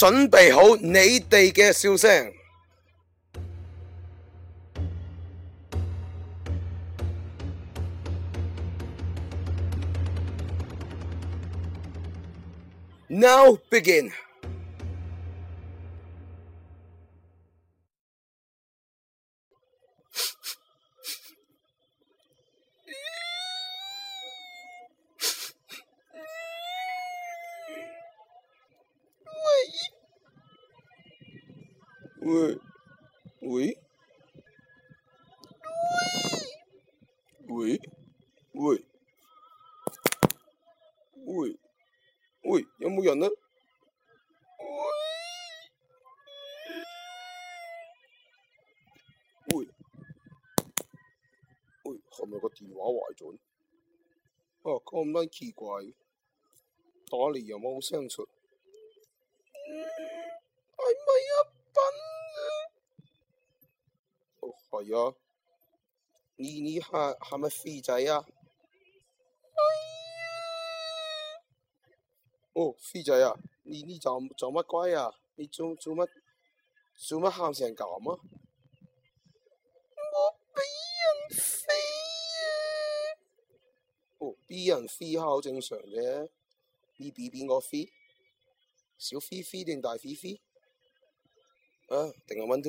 準備好你哋嘅笑聲，Now begin。喂，喂，喂，喂，喂，喂，有冇人啊？喂，喂，係咪個電話壞咗？哦，咁樣奇怪，打嚟又冇聲出。是是啊哎、呀！你你下下咪飛仔呀？哦呀！哦，飛仔呀！你你做做乜鬼呀？你做做乜、啊、做乜喊成狗嗎、啊？我俾人飛呀、啊！哦，俾人飛係好正常嘅。你俾邊個飛？小飛飛定大飛飛？啊，定係 one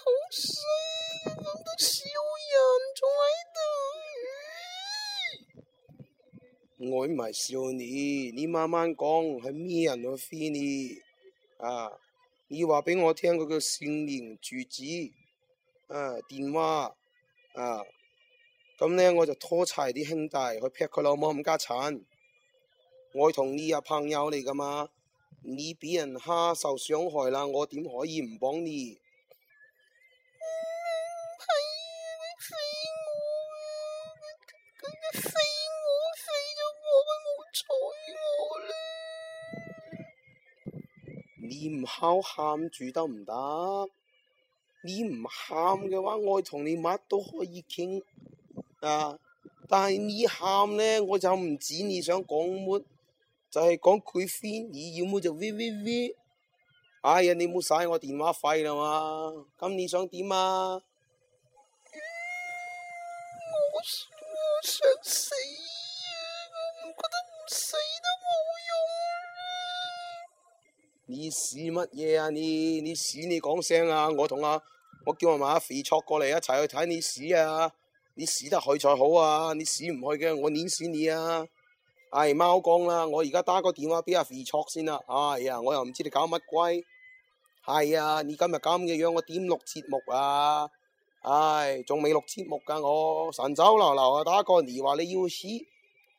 好衰，我見到笑人仲喺度。我唔係笑你，你慢慢講，係咩人去 f 飛你啊？你話俾我聽佢嘅姓名、住址啊、電話啊，咁咧我就拖齊啲兄弟去劈佢老母冚家鏟。我同你阿朋友嚟噶嘛，你俾人蝦受傷害啦，我點可以唔幫你？你唔好喊住得唔得？你唔喊嘅話，我同你乜都可以傾啊！但係你喊咧，我就唔止你想講乜，就係講佢飛，你要麼就喂喂喂！哎呀，你冇晒我電話費啦嘛？咁你想點啊？嗯，我想，我想死。你屎乜嘢啊？你你屎你講聲啊！我同阿、啊、我叫我媽阿肥卓過嚟一齊去睇你屎啊！你屎得去才好啊！你屎唔去嘅，我捻屎你啊！唉、哎，貓光啦！我而家打個電話俾阿肥卓先啦。哎呀，我又唔知你搞乜鬼。係、哎、啊，你今日咁嘅樣，我點錄節目啊？唉、哎，仲未錄節目噶我神走流流啊！打個電話你要屎，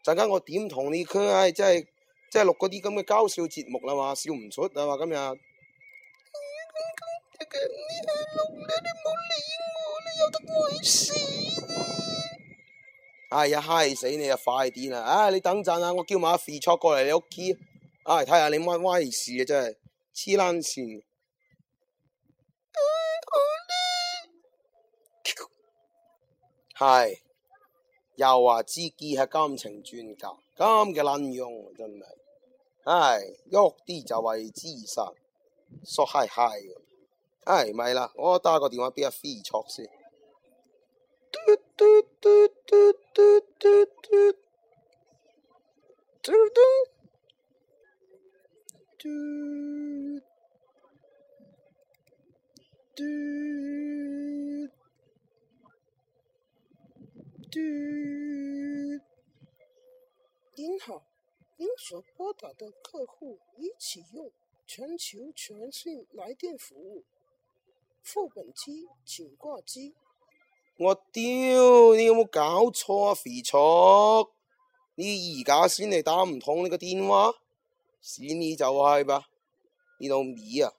陣間我點同你傾唉，真係。即係錄嗰啲咁嘅搞笑節目啊嘛，笑唔出啊嘛今日。係、哎、呀，嗨死你啊！快啲啦！啊、哎，你等陣啊，我叫埋阿肥卓過嚟你屋企。啊、哎，睇下你歪歪事啊！真係黐撚線。係、哎、又話自己係感情專家，咁嘅卵用啊！真係。哎喐啲就為之殺，縮嗨嗨。哎，唔係啦，我打個電話俾阿飛卓先。所撥打的客戶已啟用全球全訊來電服務，副本機，請掛機。我屌，你有冇搞錯啊，肥卓？你而家先嚟打唔通你個電話，屎你就係吧？你老味啊！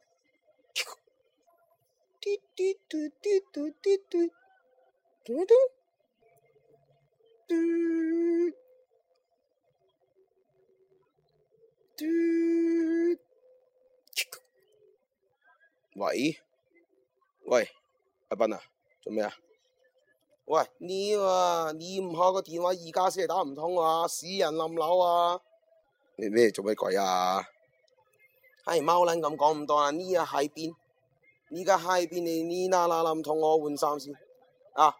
喂喂，阿斌啊，做咩啊？喂，你啊，你唔開個電話，而家先係打唔通啊！死人冧樓啊！你咩做咩鬼啊？係貓撚咁講咁多啊！呢啊喺邊？呢家喺邊？你，你，你，你、啊呃、呢？嗱嗱臨同我換衫先啊！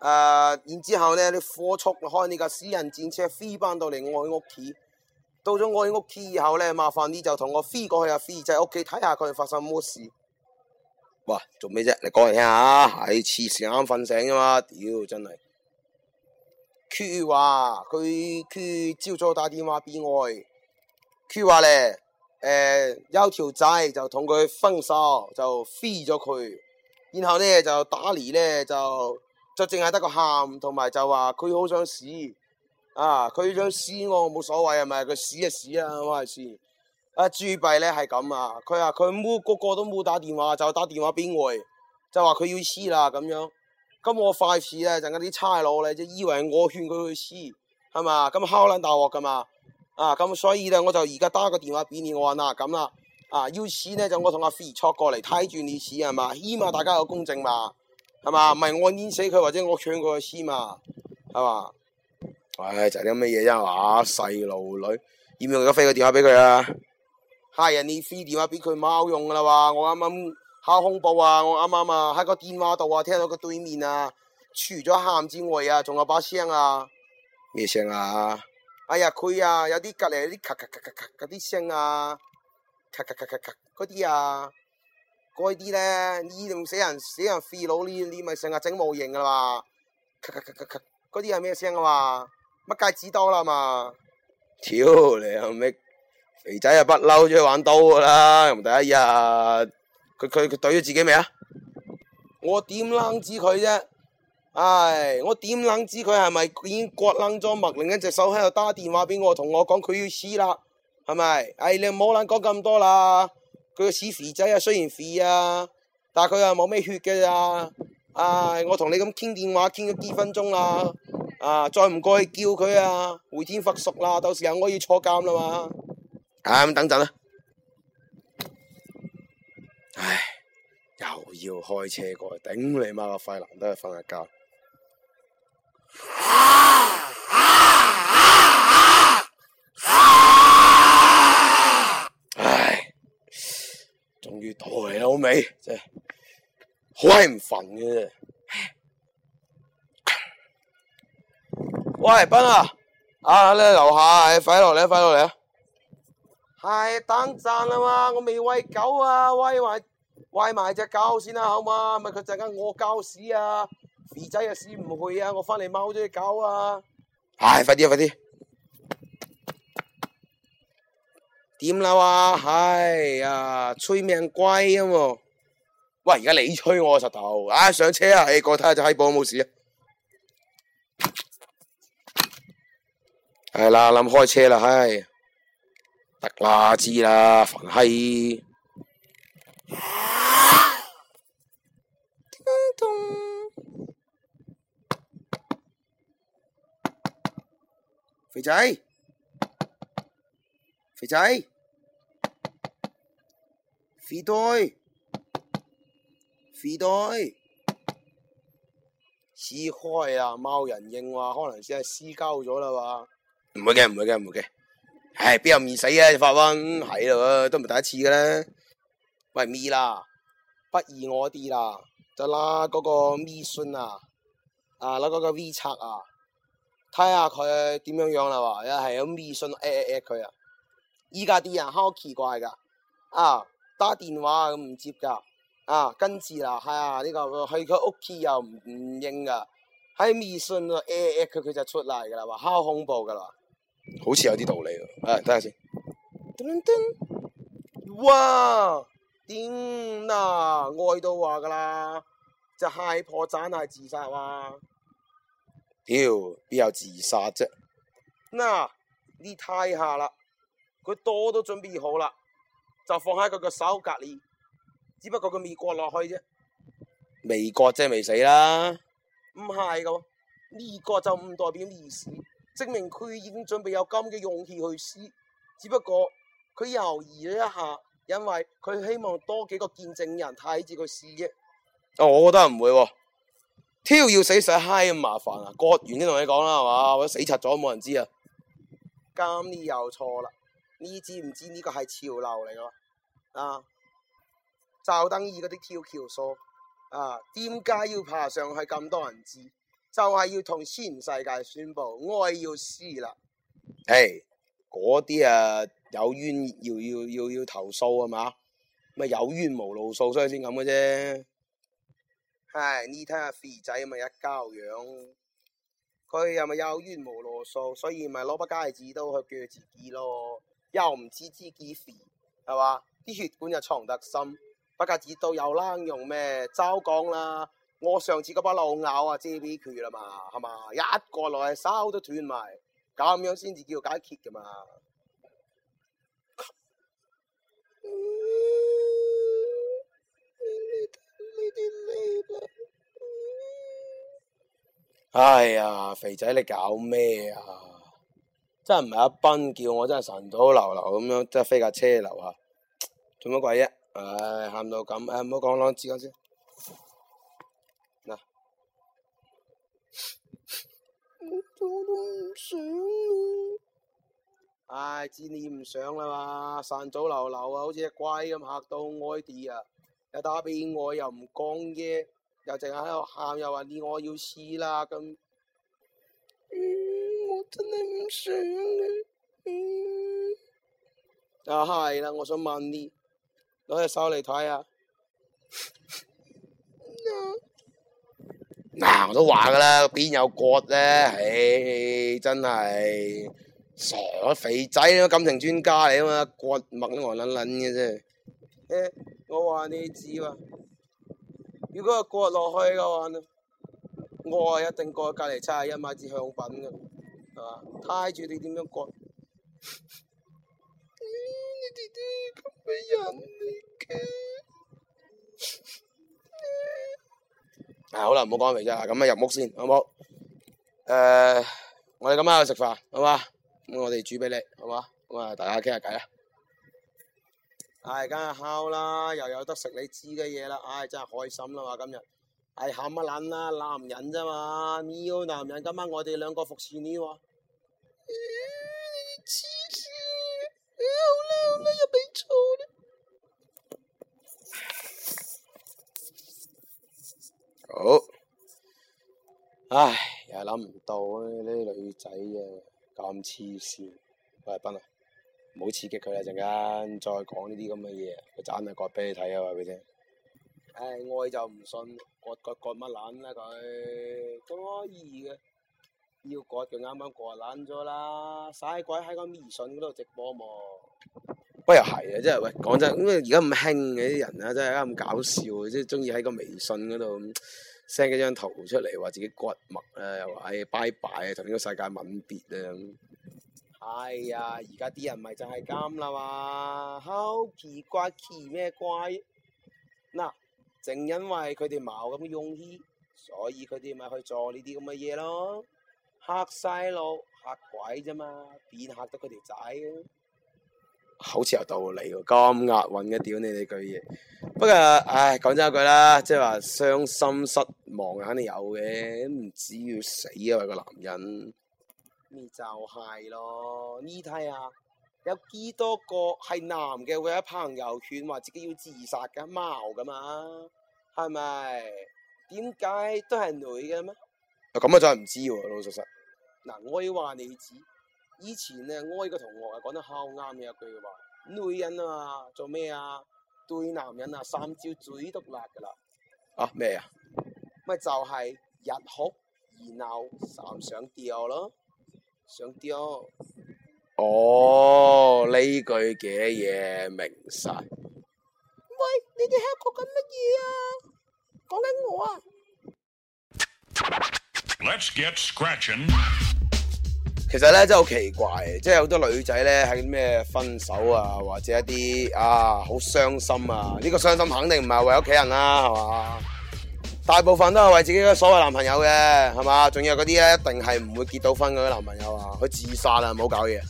誒，然之後咧，你火速開你架私人戰車飛翻到嚟我屋企。到咗我屋企以後咧，麻煩你就同我飛過去阿、啊、飛仔屋企睇下佢發生乜事。哇，做咩啫？你講嚟聽下。唉、啊，黐線啱瞓醒噶嘛？屌、啊，真係。佢話佢佢朝早打電話俾我。佢話咧，誒、呃、有條仔就同佢分手，就飛咗佢。然後咧就打嚟咧就就淨係得個喊，同埋就話佢好想死。啊！佢想死我，我冇所謂係咪？佢死一死死我冇事。阿朱碧咧係咁啊，佢啊佢冇個個都冇打電話，就打電話俾我，就話佢要死啦咁樣。咁我快事啊！陣間啲差佬咧，就以為我勸佢去死，係嘛？咁敲卵大鑊噶嘛？啊！咁所以咧，我就而家打個電話俾你，按話嗱咁啦。啊，要死咧就我同阿肥坐過嚟睇住你死，係嘛？希望大家有公正嘛，係嘛？唔係我碾死佢或者我勸佢去死嘛，係嘛？唉，就啲咁嘅嘢啫嘛，細路女，要唔要而家飛個電話俾佢啊？係啊，你飛電話俾佢冇用噶啦！哇，我啱啱好恐怖啊，我啱啱啊喺個電話度啊，聽到個對面啊，除咗喊之外啊，仲有把聲啊，咩聲啊？哎呀，佢啊，有啲隔籬啲咔咔咔咔咔嗰啲聲啊，咔咔咔咔咔嗰啲啊，嗰啲咧，呢仲死人死人廢佬，呢呢咪成日整模型噶啦嘛，咔咔咔咔咔嗰啲係咩聲啊？乜戒指刀啦嘛？屌你後尾肥仔啊不嬲咗去玩刀噶啦！第一日，佢佢佢對咗自己未啊、哎？我點撚知佢啫？唉，我點撚知佢係咪已經割撚咗脈？另一隻手喺度打電話俾我，同我講佢要死啦，係咪？唉、哎，你唔好諗講咁多啦。佢個屎肥仔啊，雖然肥啊，但係佢又冇咩血嘅咋、啊。唉、哎，我同你咁傾電話傾咗幾分鐘啦。啊！再唔過去叫佢啊，回天乏術啦，到時候我要坐監啦嘛。咁、啊、等陣啦。唉，又要開車過去，頂你媽個肺！難得去瞓下覺。啊啊啊啊啊、唉，終於到嚟啦，好未？真係好鬼唔順嘅。喂，斌啊，啊你樓下，快落嚟，快落嚟啊！係、哎、等陣啊嘛，我未餵狗啊，餵埋餵埋隻狗先啦，好嘛？咪佢陣間餓鳩屎啊，肥仔又屎唔去啊，我翻嚟貓咗隻狗啊！唉，快啲啊，快啲！點啦哇？係啊，催命鬼啊！喂，而家你催我石頭，啊上車啊、哎！過去睇下隻閪波冇事啊！係啦，諗、嗯、開車啦，唉，得啦，知啦，凡係，叮咚， 肥仔，肥仔，肥多，肥多，撕開啊！貓人應話，可能只係撕鳩咗啦，哇！唔會嘅，唔會嘅，唔會嘅。唉、哎，邊有唔易死啊？發瘟係咯，都唔第一次嘅啦。喂，咪啦，不如我啲啦，就啦，嗰個微信啊，啊，拉嗰個 V 策啊，睇下佢點樣樣啦。話又係響微信搲搲佢啊，依家啲人好奇怪噶，啊，打電話唔接噶，啊，跟住啦，係啊，呢、這個去佢屋企又唔唔應噶，喺微、哎、信啊搲搲佢，佢、哎哎哎哎、就出嚟噶啦，話好恐怖噶啦。好似有啲道理啊！誒，等下先。叮叮，哇！點啊，愛到話噶啦，就踹破盞嚟自殺哇！屌，邊有自殺啫？嗱、啊，你睇下啦，佢刀都準備好啦，就放喺佢個手隔籬，只不過佢未割落去啫。未割即係未死啦。唔係噶，呢個就唔代表咩意思。證明佢已經準備有咁嘅勇氣去試，只不過佢猶豫咗一下，因為佢希望多幾個見證人睇住佢試啫。啊、哦，我覺得唔會、哦，挑要死死嗨咁麻煩啊！割完先同你講啦，係嘛，或者死柒咗冇人知啊！咁你又錯啦，你知唔知呢個係潮流嚟嘅？啊，趙登禹嗰啲跳橋數，啊，點解要爬上去咁多人知？就係要同全世界宣布我要死啦！係嗰啲啊，有冤要要要要投訴係嘛？咪有冤無路訴，所以先咁嘅啫。係、哎、你睇下、啊、肥仔咪一鳩樣，佢又咪有冤無路訴，所以咪攞把戒指刀去鋸自己咯。又唔知自己肥係嘛？啲血管又藏得深，把戒指刀又冷用咩？周講啦。我上次嗰把路咬啊，遮俾佢啦嘛，係嘛？一過來燒都斷埋，咁樣先至叫解決噶嘛。哎呀，肥仔你搞咩啊？真係唔係阿斌叫我，真係晨早流流咁樣，真係飛架車流下，做乜鬼啫？唉，喊到咁，誒，唔好講咯，止緊先。我 我都唔想啊！唉，知你唔想啦嘛，晨早流流啊，好似隻鬼咁嚇到我哋啊！又打俾我又唔講嘢，又淨係喺度喊，又話你我要死啦咁。嗯，我真係唔想啊！嗯，啊係啦，我想問你，攞隻手嚟睇啊。 啊、我都話噶啦，邊有割咧？唉，真係傻肥仔，感情專家嚟啊嘛，割乜呆愣愣嘅啫。誒、欸，我話你知嘛？如果割落去嘅話，我一定割隔籬差一買支香檳嘅，係嘛？睇住你點樣割。你 啲、嗯、人 啊、好啦，唔好講肥啫，咁啊入屋先，好唔好？誒、啊，我哋今晚去食飯，好嘛？咁我哋煮俾你，好嘛？咁啊，大家傾下偈啦。唉、哎，梗係烤啦，又有得食你知嘅嘢啦，唉、哎，真係開心啦嘛！今日唉，冚、哎、啊撚啦，男人咋嘛？你要男人，今晚我哋兩個服侍你喎、啊。哎好，唉，又係諗唔到呢、啊、女仔啊咁黐線，喂，斌啊，唔好刺激佢啦，陣間再講呢啲咁嘅嘢，佢斬下割俾你睇啊，話俾你聽。唉、哎，愛就唔信，割割割乜撚啦佢，咁可以嘅，要割就啱啱割爛咗啦，晒鬼喺個微信嗰度直播冇。不又係啊！即係喂，講真，因為而家咁興嘅啲人啊，真係咁搞笑，即係中意喺個微信嗰度 send 幾張圖出嚟，話自己骨麥誒，又話、哎、拜拜啊，同呢個世界吻別啊咁。係啊，而家啲人咪就係咁啦嘛，好奇怪奇咩怪？嗱、呃，正因為佢哋冇咁嘅勇氣，所以佢哋咪去做呢啲咁嘅嘢咯，嚇細路嚇鬼咋嘛，偏嚇得佢條仔。好似有道理喎，咁押韻嘅，屌你哋句嘢。不過，唉，講真一句啦，即係話傷心失望肯定有嘅，唔至要死啊，為個男人。咪就係咯，呢睇下有幾多個係男嘅會喺朋友圈話自己要自殺噶，冇噶嘛，係咪？點解都係女嘅咩？咁啊就係唔知喎，老老實實。嗱，我要話你知。以前咧，我一個同學啊，講得好啱嘅一句嘅話：女人啊，做咩啊？對男人啊，三招嘴都辣噶啦。啊咩啊？咪、啊、就係一哭二鬧三上吊咯，上吊。哦，呢句嘅嘢，明晒。喂，你哋喺度講緊乜嘢啊？講緊我啊。Let's get scratching。其實咧真係好奇怪，即係好多女仔咧係咩分手啊，或者一啲啊好傷心啊，呢個傷心肯定唔係為屋企人啦，係嘛？大部分都係為自己嘅所謂男朋友嘅，係嘛？仲有嗰啲咧，一定係唔會結到婚嗰啲男朋友啊，佢自殺啦，唔好搞嘢。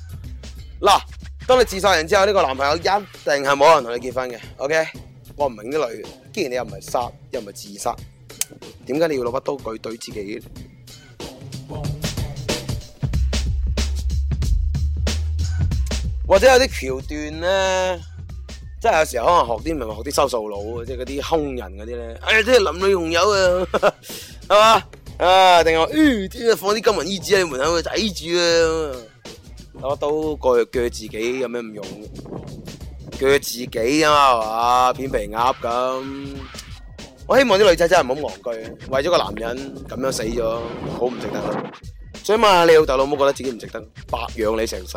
嗱，當你自殺完之後，呢個男朋友一定係冇人同你結婚嘅。OK，我唔明啲女，既然你又唔係殺，又唔係自殺，點解你要攞把刀具對自己？或者有啲橋段咧，即係有時候可能學啲咪學啲收數佬，即係嗰啲凶人嗰啲咧，哎呀，都要淋女紅油啊，係 嘛？啊，定話咦？天啊，放啲金銀衣紙喺門口仔住啊，攞刀鋸鋸自己有咩唔用，鋸自己啊嘛，片皮鴨咁。我希望啲女仔真係唔好戇居，為咗個男人咁樣死咗，好唔值得。想問下你老豆老母，覺得自己唔值得，白養你成世。